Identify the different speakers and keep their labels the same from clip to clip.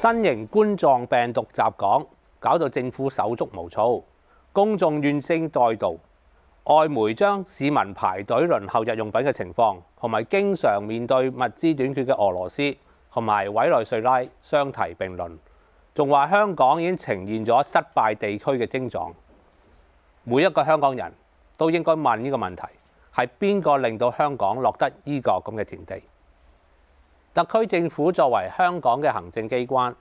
Speaker 1: 新型冠狀病毒襲港，搞到政府手足無措，公眾怨聲載道。外媒將市民排隊輪候日用品嘅情況，同埋經常面對物資短缺嘅俄羅斯同埋委內瑞拉相提並論，仲話香港已經呈現咗失敗地區嘅徵狀。每一個香港人都應該問呢個問題：係邊個令到香港落得呢個咁嘅田地？特區政府作為香港嘅行政機關，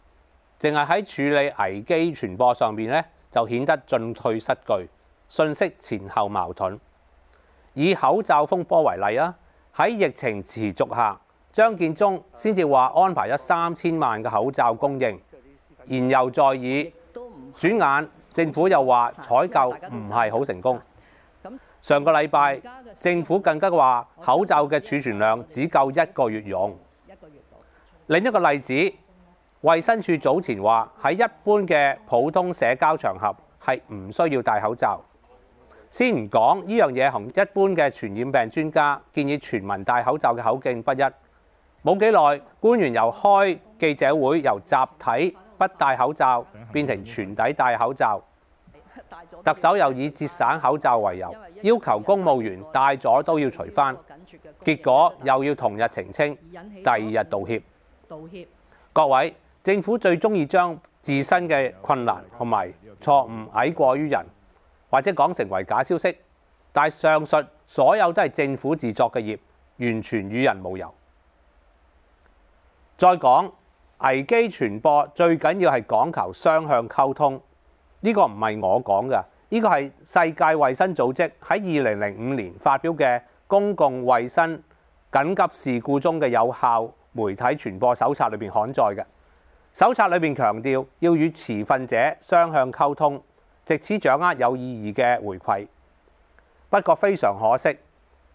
Speaker 1: 淨係喺處理危機傳播上面呢，就顯得進退失據，信息前後矛盾。以口罩風波為例啊，喺疫情持續下，張建宗先至話安排咗三千萬嘅口罩供應，言猶在耳。轉眼政府又話採購唔係好成功。上個禮拜政府更加話口罩嘅儲存量只夠一個月用。另一個例子，衛生署早前話喺一般嘅普通社交場合係唔需要戴口罩。先唔講呢樣嘢，同一般嘅傳染病專家建議全民戴口罩嘅口徑不一。冇幾耐，官員由開記者會，由集體不戴口罩變成全體戴口罩。特首又以節省口罩為由要求公務員戴咗都要除返，結果又要同日澄清，第二日道歉。道歉，各位政府最中意將自身嘅困難同埋錯誤矮過於人，或者講成為假消息。但係上述所有都係政府自作嘅孽，完全與人無尤。再講危機傳播最緊要係講求雙向溝通，呢個唔係我講嘅，呢個係世界衛生組織喺二零零五年發表嘅公共衛生緊急事故中嘅有效。媒體傳播手冊裏面刊載嘅手冊裏面強調要與持份者雙向溝通，藉此掌握有意義嘅回饋。不過非常可惜，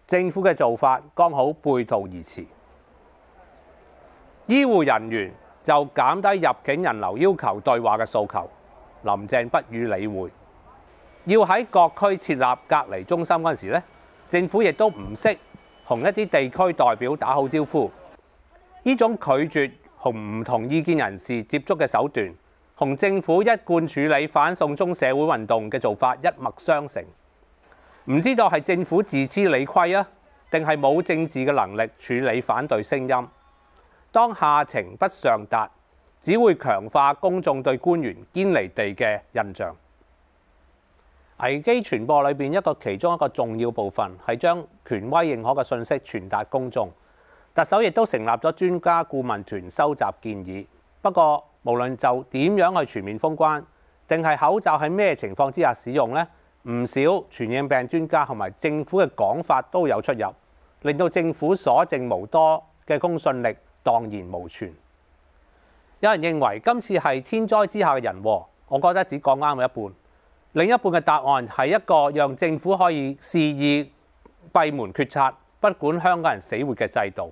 Speaker 1: 政府嘅做法剛好背道而馳。醫護人員就減低入境人流要求對話嘅訴求，林鄭不予理會。要喺各區設立隔離中心嗰陣時咧，政府亦都唔識同一啲地區代表打好招呼。呢種拒絕同唔同意見人士接觸嘅手段，同政府一貫處理反送中社會運動嘅做法一脈相承。唔知道係政府自知理虧啊，定係冇政治嘅能力處理反對聲音？當下情不上達，只會強化公眾對官員堅離地嘅印象。危機傳播裏面一個其中一個重要部分係將權威認可嘅訊息傳達公眾。特首亦都成立咗專家顧問團收集建議，不過無論就點樣去全面封關，定係口罩喺咩情況之下使用呢，唔少傳染病專家同埋政府嘅講法都有出入，令到政府所剩無多嘅公信力蕩然無存。有人認為今次係天災之下嘅人禍，我覺得只講啱嘅一半，另一半嘅答案係一個讓政府可以肆意閉門決策，不管香港人死活嘅制度。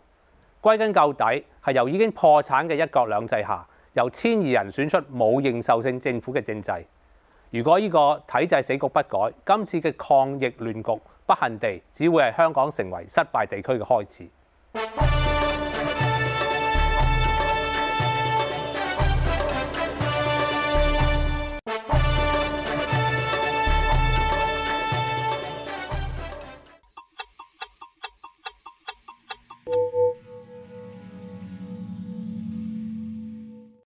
Speaker 1: 歸根究底係由已經破產嘅一國兩制下，由千二人選出冇認受性政府嘅政制。如果呢個體制死局不改，今次嘅抗疫亂局不幸地，只會係香港成為失敗地區嘅開始。